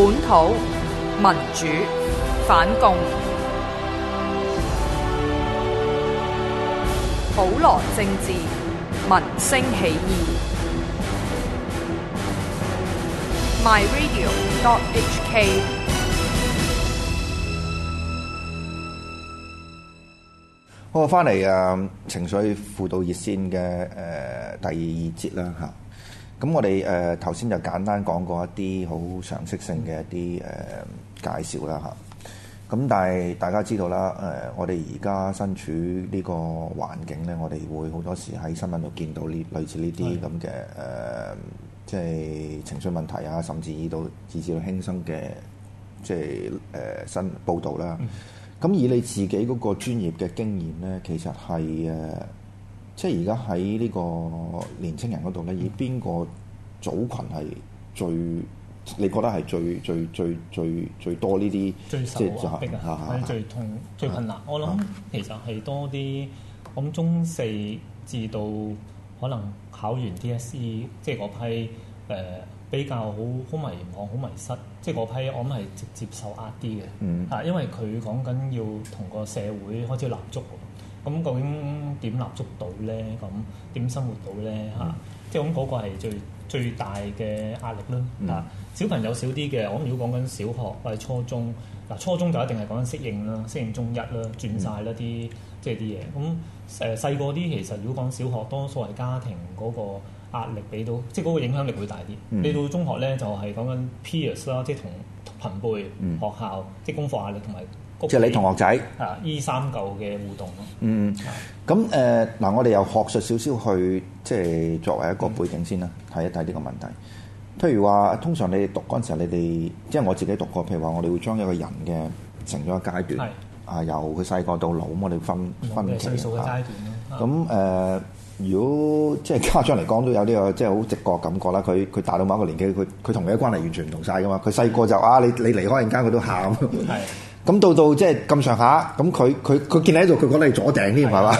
本土民主反共，普羅政治，民聲起義。My Radio. hk。好，我翻嚟啊，情緒輔導熱線嘅誒、呃、第二節啦吓。咁我哋誒頭先就簡單講過一啲好常識性嘅一啲誒介紹啦嚇。咁、呃、但係大家知道啦，誒、呃、我哋而家身處呢個環境咧，我哋會好多時喺新聞度見到呢類似呢啲咁嘅誒，即係情緒問題啊，甚至以到以至到輕生嘅即係誒、呃、新報道啦、啊。咁以、嗯、你自己嗰個專業嘅經驗咧，其實係誒。呃即係而家喺呢個年青人嗰度咧，以邊個組群係最？你覺得係最、最、最、最最多呢啲最受壓迫？最痛、最困難。我諗其實係多啲我諗中四至到可能考完 DSE，即係嗰批誒、呃、比較好好迷茫、好迷失，即係嗰批我諗係直接受壓啲嘅。嗯。啊，因為佢講緊要同個社會開始立足。咁究竟點立足到咧？咁點生活到咧？嚇，即係咁嗰個係最最大嘅壓力啦。嗱，小朋友少啲嘅，我諗如果講緊小學或者初中，嗱，初中就一定係講緊適應啦，適應中一啦，轉晒一啲即係啲嘢。咁誒細個啲其實如果講小學，多數係家庭嗰個壓力俾到，即係嗰個影響力會大啲。你到中學咧就係講緊 peers 啦，即係同同同輩學校，即係功課壓力同埋。即係你同學仔啊，依三舊嘅互動咯。嗯，咁誒嗱，我哋又學術少少去即係作為一個背景先啦，睇一睇呢個問題。譬如話，通常你哋讀嗰陣時候，你哋即係我自己讀過。譬如話，我哋會將一個人嘅成長階段啊是、呃，由佢細個到老，咁我哋分分層段。咁誒、啊嗯呃，如果即係家長嚟講，都有呢個，即係好直覺感覺啦。佢佢大到某一個年紀，佢佢同你嘅關係完全唔同晒噶嘛。佢細個就啊，你你離開人間，佢都喊。 咁到到即係咁上下，咁佢佢佢見你喺度，佢講你左頂添，係嘛？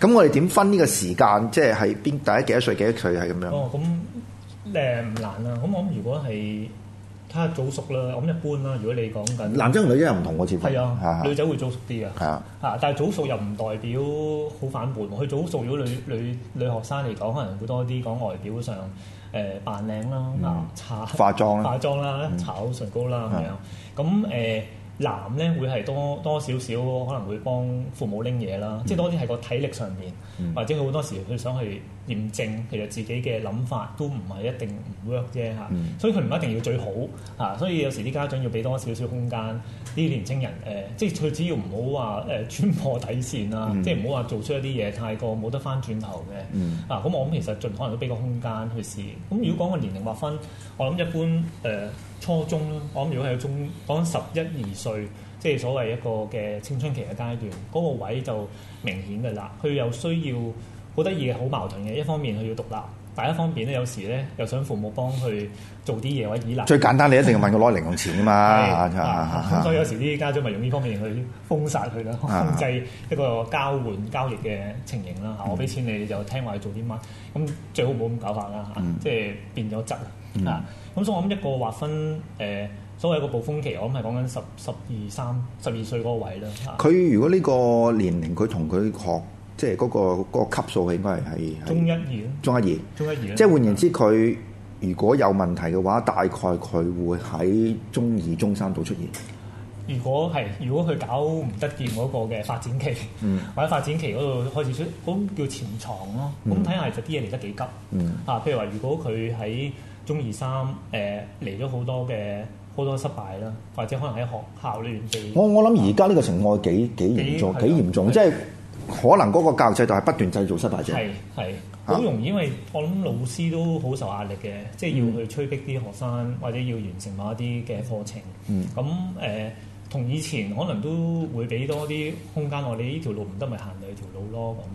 咁我哋點分呢個時間？即係喺邊？大家幾多歲幾多歲係咁樣？哦，咁誒唔難啊！咁我諗如果係睇下早熟啦，咁一般啦。如果你講緊男仔同女仔又唔同喎，似乎係啊，女仔會早熟啲啊，係啊，嚇！但係早熟又唔代表好反叛喎。佢早熟如果女女女學生嚟講，可能會多啲講外表上誒扮靚啦、搽化妝、化妝啦、搽口唇膏啦咁樣。咁誒。男呢會係多多少少可能會幫父母拎嘢啦，即係、嗯、多啲喺個體力上面，嗯、或者佢好多時佢想去驗證其實自己嘅諗法都唔係一定唔 work 啫嚇，嗯、所以佢唔一定要最好嚇、啊，所以有時啲家長要俾多少少空間啲年青人誒、啊，即係最主要唔好話誒穿破底線啦，嗯、即係唔好話做出一啲嘢太過冇得翻轉頭嘅，嗯、啊咁我諗其實盡可能都俾個空間去試。咁如果講個年齡劃分，我諗一般誒。初中啦，我諗如果喺中講緊十一二歲，即係所謂一個嘅青春期嘅階段，嗰、那個位就明顯嘅啦。佢又需要好得意嘅，好矛盾嘅。一方面佢要獨立，但一方面咧，有時咧又想父母幫佢做啲嘢或者倚賴。最簡單，你一定要問佢攞零用錢啊嘛。啊啊啊所以有時啲家長咪用呢方面去封殺佢咯，控制、啊啊、一個交換交易嘅情形啦。嚇、嗯，我俾錢你就聽話去做啲乜，咁最好唔好咁搞法啦。嚇、啊，即係變咗質。嗯、啊！咁所以我諗一個劃分，誒、呃、所謂一個暴風期，我諗係講緊十十二三、十二歲嗰位啦。佢、啊、如果呢個年齡，佢同佢學，即係嗰、嗰個嗰、嗰個級數，係應該係係中一二中一二，中一二。即係換言之，佢的如果有問題嘅話，大概佢會喺中二、中三度出現。如果係，如果佢搞唔得掂嗰個嘅發展期，嗯、或者發展期嗰度開始出嗰種叫潛藏咯。咁睇下其實啲嘢嚟得幾急。嗯。啊，譬如話，如果佢喺中二三誒嚟咗好多嘅好多失敗啦，或者可能喺學校裏邊。我我諗而家呢個情況幾幾嚴重，幾嚴重，的即係可能嗰個教育制度係不斷製造失敗者。係係好容易，因為我諗老師都好受壓力嘅，即係要去催逼啲學生，或者要完成某一啲嘅課程。嗯，咁誒、呃，同以前可能都會俾多啲空間，我哋呢條路唔得，咪行另一條路咯咁。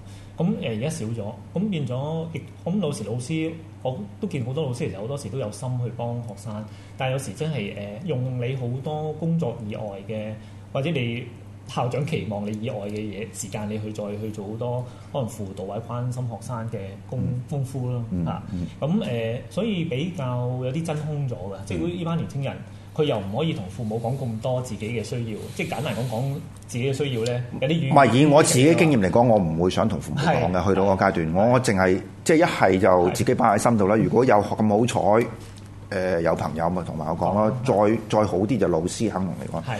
咁誒而家少咗，咁變咗亦咁。有時老師我都見好多老師，其實好多時都有心去幫學生，但係有時真係誒用你好多工作以外嘅，或者你校長期望你以外嘅嘢時間，你去再去做好多可能輔導或者關心學生嘅功功夫咯嚇。咁誒，所以比較有啲真空咗嘅，嗯、即係呢班年輕人。佢又唔可以同父母講咁多自己嘅需要，即係簡單咁講自己嘅需要咧，唔係以我自己經驗嚟講，我唔會想同父母講嘅。去到個階段，我我淨係即係一係就自己擺喺心度啦。如果有咁好彩，誒有朋友咪同埋我講咯。再再好啲就老師肯同你講。係，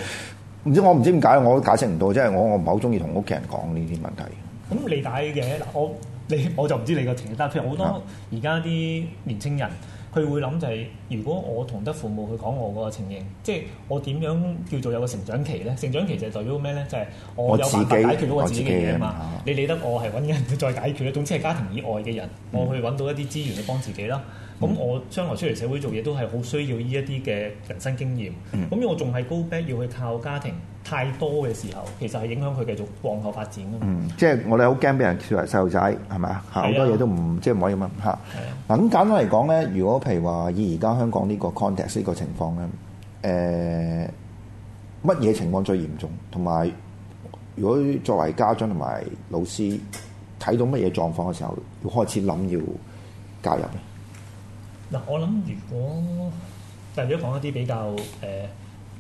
唔知我唔知點解，我都解釋唔到，即係我我唔係好中意同屋企人講呢啲問題。咁你抵嘅嗱，我你我就唔知你嘅情況啦。譬如好多而家啲年青人，佢會諗就係、是，如果我同得父母去講我個情形，即係我點樣叫做有個成長期咧？成長期就係代表咩咧？就係、是、我有辦法解決到我自己嘅嘢啊嘛！你理得我係搵人再解決咧，總之係家庭以外嘅人，我去搵到一啲資源去幫自己啦。嗯咁、嗯嗯、我將來出嚟社會做嘢都係好需要呢一啲嘅人生經驗。咁、嗯、我仲係高 o b a c 要去靠家庭太多嘅時候，其實係影響佢繼續往後發展啊。嗯，即係我哋好驚俾人視為細路仔係咪啊？好多嘢都唔即係唔可以問嚇。嗱咁、啊、簡單嚟講咧，如果譬如話以而家香港呢個 context 呢個情況咧，誒乜嘢情況最嚴重？同埋如果作為家長同埋老師睇到乜嘢狀況嘅時候，要開始諗要教入咧？嗱、呃，我諗如果，就係如果講一啲比較誒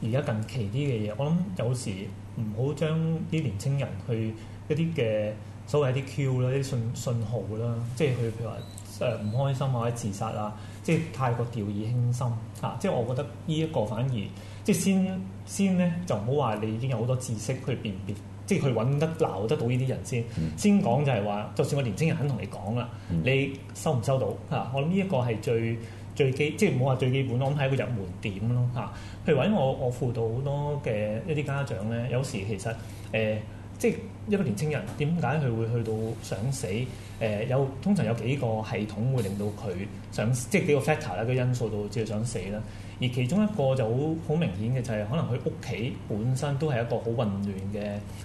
而家近期啲嘅嘢，我諗有時唔好將啲年青人去一啲嘅所謂啲 Q 啦，啲信信號啦，即係佢譬如話誒唔開心或者自殺啊，即係太過掉以輕心嚇、啊。即係我覺得呢一個反而即係先先咧，就唔好話你已經有好多知識去辨別。即係佢揾得鬧得到呢啲人先，先講就係話，就算我年青人肯同你講啦，你收唔收到啊？我諗呢一個係最最基，即唔好話最基本咯，我諗係一個入門點咯嚇、啊。譬如話，因為我我輔導好多嘅一啲家長咧，有時其實誒、呃，即係一個年青人點解佢會去到想死？誒、呃，有通常有幾個系統會令到佢想，即係幾個 factor 咧，個因素導致佢想死咧。而其中一個就好好明顯嘅就係可能佢屋企本身都係一個好混亂嘅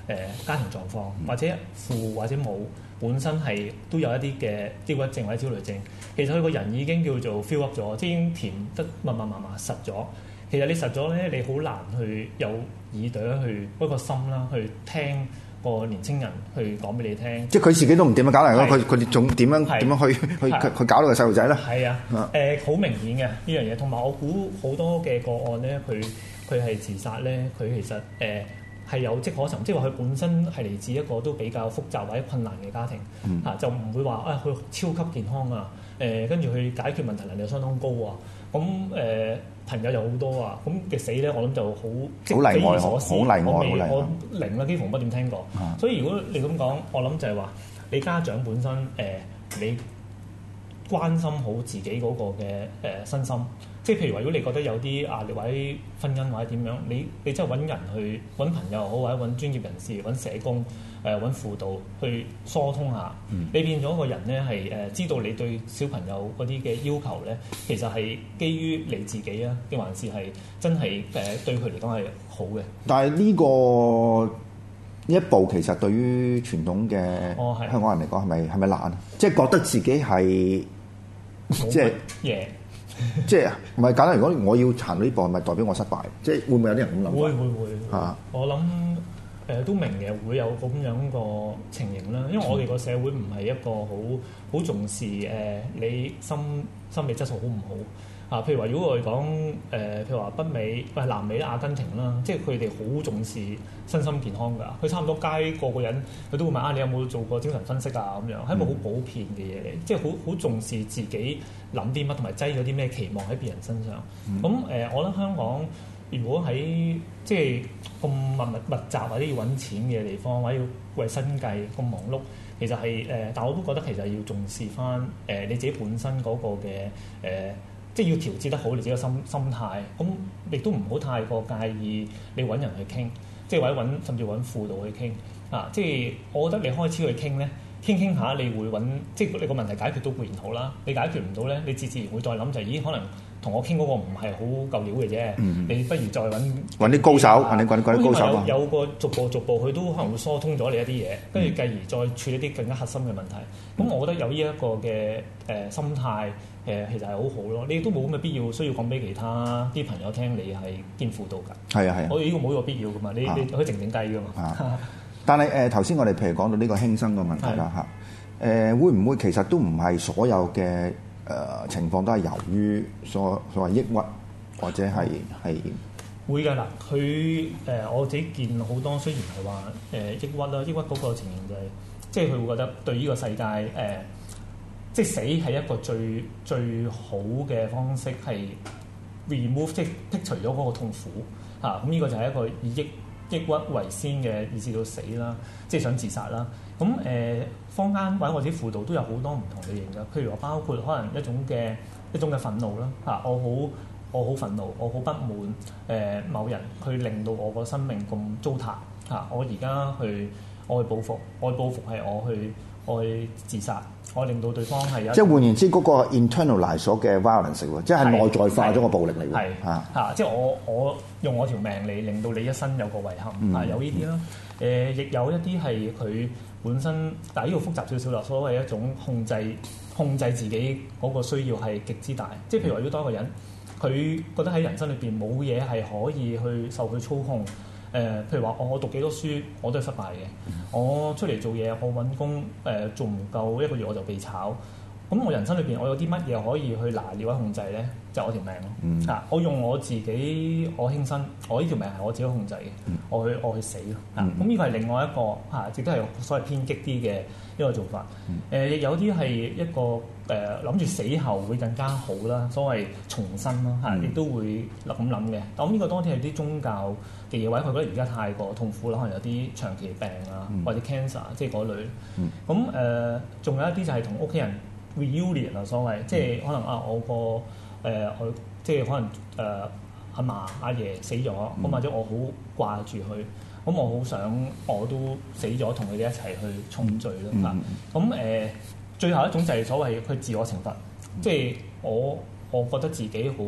誒家庭狀況，或者父或者母本身係都有一啲嘅抑鬱症或者焦慮症。其實佢個人已經叫做 feel up 咗，即已經填得密密麻麻實咗。其實你實咗咧，你好難去有耳朵去開個心啦，去聽。個年青人去講俾你聽，即係佢自己都唔點是樣搞嚟咯，佢佢哋仲點樣點樣去去佢搞到個細路仔咧？係啊，誒好明顯嘅呢樣嘢，同埋我估好多嘅個案咧，佢佢係自殺咧，佢其實誒係、呃、有跡可尋，即係話佢本身係嚟自一個都比較複雜或者困難嘅家庭，嚇、嗯啊、就唔會話啊佢超級健康啊，誒跟住佢解決問題能力又相當高啊，咁誒。呃朋友有好多啊，咁嘅死咧，我諗就好匪夷所思。我未我零啦，幾乎唔不點聽過。嗯、所以如果你咁講，我諗就係話，你家長本身誒、呃，你關心好自己嗰個嘅誒、呃、身心，即係譬如話，如果你覺得有啲壓力或者婚姻或者點樣，你你真係揾人去揾朋友好，或者揾專業人士揾社工。誒揾輔導去疏通下，嗯、你變咗個人咧係誒知道你對小朋友嗰啲嘅要求咧，其實係基於你自己啊，定還是係真係誒對佢嚟講係好嘅？但係、呢個、呢個一步其實對於傳統嘅香港人嚟講，係咪係咪難？即係覺得自己係即係是贏， 即係唔係簡單？如果我要行到呢步，係咪代表我失敗？即係會唔會有啲人咁諗？會會會啊！嗎我諗。誒、呃、都明嘅，會有咁樣個情形啦。因為我哋個社會唔係一個好好重視誒、呃、你心心理質素好唔好啊。譬如話，如果我哋講誒，譬如話北美喂、呃、南美阿根廷啦，即係佢哋好重視身心健康㗎。佢差唔多街個個人，佢都會問啊，你有冇做過精神分析啊？咁樣係冇好普遍嘅嘢，嚟、嗯？即係好好重視自己諗啲乜，同埋擠咗啲咩期望喺別人身上。咁誒、嗯嗯呃，我覺得香港。如果喺即係咁密密密集或者要揾錢嘅地方，或者要為生計咁忙碌，其實係誒、呃，但係我都覺得其實要重視翻誒、呃、你自己本身嗰個嘅誒、呃，即係要調節得好你自己個心心態。咁亦都唔好太過介意你揾人去傾，即係或者揾甚至揾輔導去傾啊。即係我覺得你開始去傾咧，傾傾下你會揾，即係你個問題解決到固然好啦。你解決唔到咧，你自自然會再諗就係、是、咦，可能。同我傾嗰個唔係好夠料嘅啫，嗯、你不如再揾揾啲高手，揾啲啲高手。有，有個逐步逐步，佢都可能會疏通咗你一啲嘢，跟住、嗯、繼而再處理啲更加核心嘅問題。咁、嗯、我覺得有呢一個嘅誒、呃、心態，誒、呃、其實係好好咯。你都冇咁嘅必要需要講俾其他啲朋友聽，你係肩負到㗎。係啊係啊，我哋呢個冇呢個必要噶嘛，你可以靜靜低㗎嘛。啊、但係誒頭先我哋譬如講到呢個輕生嘅問題啦嚇，誒會唔會其實都唔係所有嘅？誒、呃、情況都係由於所所謂抑鬱，或者係係會㗎啦。佢誒、呃、我自己見好多，雖然係話誒抑鬱啦，抑鬱嗰個情形就係、是，即係佢會覺得對呢個世界誒、呃，即係死係一個最最好嘅方式，係 remove 即剔剔除咗嗰個痛苦嚇。咁、啊、呢、嗯這個就係一個以抑。抑鬱為先嘅，以至到死啦，即係想自殺啦。咁、嗯、誒，坊間或者輔導都有好多唔同類型嘅，譬如話包括可能一種嘅一種嘅憤怒啦，嚇、啊、我好我好憤怒，我好不滿誒、啊、某人去令到我個生命咁糟蹋嚇、啊，我而家去我去報復，我去報復係我去。去自殺，我令到對方係有即係換言之，嗰、那個 internalize 嘅 violence 即係內在化咗個暴力嚟喎。係啊，即係我我用我條命嚟令到你一生有個遺憾啊，嗯、有呢啲啦。誒、呃，亦有一啲係佢本身，但係呢個複雜少少啦。所謂一種控制控制自己嗰個需要係極之大，嗯、即係譬如話，要多當個人佢覺得喺人生裏邊冇嘢係可以去受佢操控。呃，譬如話，我我讀幾多書，我都係失敗嘅、嗯。我出嚟、呃、做嘢，我揾工，誒做唔夠一個月我就被炒。咁我人生裏邊，我有啲乜嘢可以去拿捏或控制咧？就是、我條命咯。啊，嗯、我用我自己，我輕生，我呢條命係我自己控制嘅、嗯。我去我去死咯。咁呢個係另外一個啊，亦都係所謂偏激啲嘅一個做法。誒、呃，有啲係一個誒諗住死後會更加好啦，所謂重生咯。嚇，亦都會諗諗嘅。咁呢個當然係啲宗教嘅嘢，位，佢覺得而家太過痛苦啦，可能有啲長期病啊，或者 cancer 即係嗰類。咁誒、嗯，仲有一啲就係同屋企人。Reunion 啊，所謂即係可能啊，我個誒佢、呃、即係可能誒、呃、阿嫲阿爺死咗，咁、嗯、或者我好掛住佢，咁我好想我都死咗，同佢哋一齊去重聚咯，嗱、嗯，咁誒、呃、最後一種就係所謂佢自我懲罰，嗯、即係我我覺得自己好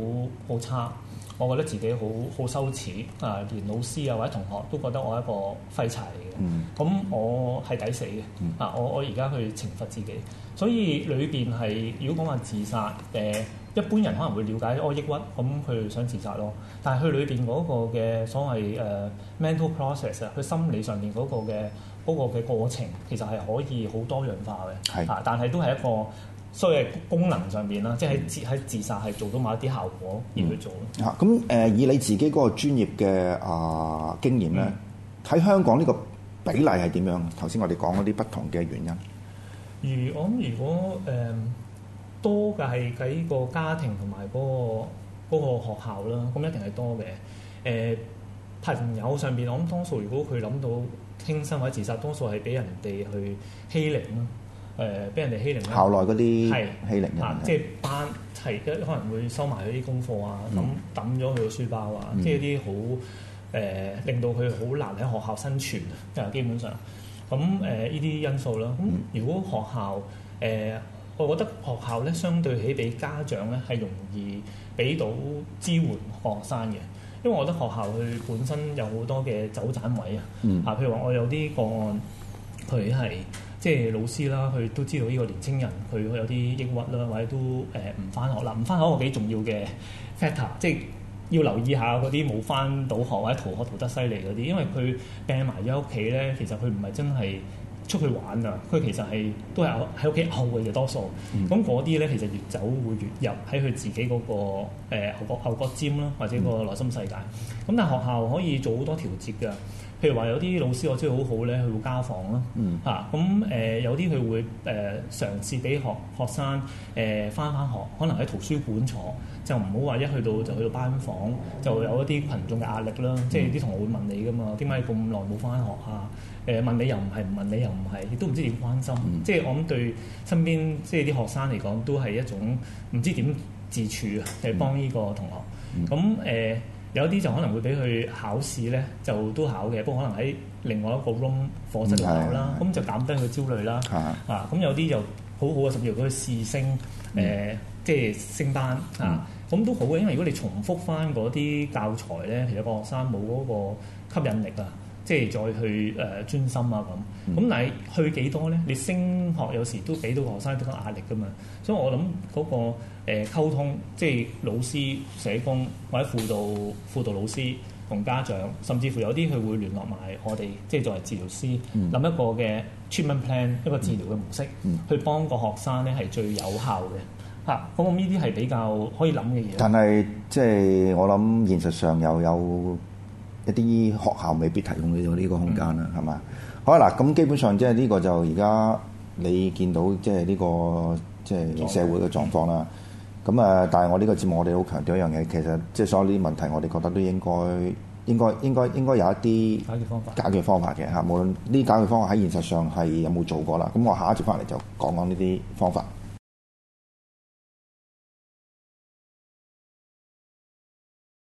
好差。我覺得自己好好羞恥啊！連老師啊或者同學都覺得我係一個廢柴嚟嘅，咁、mm hmm. 我係抵死嘅、mm hmm. 啊！我我而家去懲罰自己，所以裏邊係如果講話自殺，誒、呃、一般人可能會了解我、哦、抑鬱，咁、嗯、佢想自殺咯。但係佢裏邊嗰個嘅所謂誒、呃、mental process 啊，佢心理上面嗰個嘅嗰個嘅過程，其實係可以好多元化嘅，是啊，但係都係一個。所以功能上邊啦，即係自喺自殺係做到某一啲效果而去做咯。啊，咁誒以你自己嗰個專業嘅啊經驗咧，喺、mm. 香港呢個比例係點樣？頭先我哋講嗰啲不同嘅原因。而我諗，如果誒、呃、多嘅係喺個家庭同埋嗰個嗰、嗰個、學校啦，咁一定係多嘅。誒、呃、朋友上邊，我諗多數如果佢諗到輕生或者自殺，多數係俾人哋去欺凌咯。誒，俾、呃、人哋欺凌，校內嗰啲欺凌，即係班係都是可能會收埋佢啲功課啊，咁抌咗佢個書包啊，嗯、即係啲好誒，令到佢好難喺學校生存啊，基本上。咁、嗯、誒，呢啲、嗯呃、因素啦。咁、嗯、如果學校誒、呃，我覺得學校咧，相對起俾家長咧，係容易俾到支援學生嘅，因為我覺得學校佢本身有好多嘅走盞位啊。啊，譬如話，我有啲個案佢係。即係老師啦，佢都知道呢個年青人佢有啲抑鬱啦，或者都誒唔翻學啦，唔翻學係幾重要嘅 factor 即係要留意下嗰啲冇翻到學或者逃學逃得犀利嗰啲，因為佢病埋咗屋企咧，其實佢唔係真係出去玩啊，佢其實係都係喺屋企熬嘅多數。咁嗰啲咧，其實越走會越入喺佢自己嗰、那個誒角角尖啦，呃、gym, 或者個內心世界。咁、嗯、但係學校可以做好多調節嘅。譬如話有啲老師我知道好好咧，佢會家訪咯嚇。咁誒、嗯啊呃、有啲佢會誒、呃、嘗試俾學學生誒翻返學，可能喺圖書館坐就唔好話一去到就去到班房，就會有一啲群眾嘅壓力啦。即係啲同學會問你噶嘛，點解咁耐冇翻學啊？誒、呃、問你又唔係，唔問你又唔係，亦都唔知點關心。嗯、即係我諗對身邊即係啲學生嚟講，都係一種唔知點自處啊，係幫呢個同學。咁誒、嗯。嗯嗯嗯呃。有啲就可能會俾佢考試咧，就都考嘅，不過可能喺另外一個 room 課室度考啦，咁的就減低佢焦慮啦。的啊，咁有啲就好好啊，甚至乎佢試升，誒、嗯呃，即係升班的啊，咁都好嘅，因為如果你重複翻嗰啲教材咧，其實個學生冇嗰個吸引力啊。即係再去誒、呃、專心啊咁，咁但係去幾多咧？你升學有時都俾到學生啲壓力噶嘛，所以我諗嗰、那個誒、呃、溝通，即係老師、社工或者輔導輔導老師同家長，甚至乎有啲佢會聯絡埋我哋，即係作為治療師諗、嗯、一個嘅 treatment plan，一個治療嘅模式，嗯嗯、去幫個學生咧係最有效嘅。嚇、啊，咁我呢啲係比較可以諗嘅嘢。但係即係我諗現實上又有。一啲學校未必提供你有呢個空間啦，係嘛、嗯？好啦，咁基本上即係呢個就而家你見到即係呢個即係、就是、社會嘅狀況啦。咁啊、嗯，但係我呢個節目我哋好強調一樣嘢，其實即係所有呢啲問題，我哋覺得都應該應該應該應該有一啲解決方法解決方法嘅嚇。無論呢啲解決方法喺現實上係有冇做過啦。咁我下一節翻嚟就講講呢啲方法。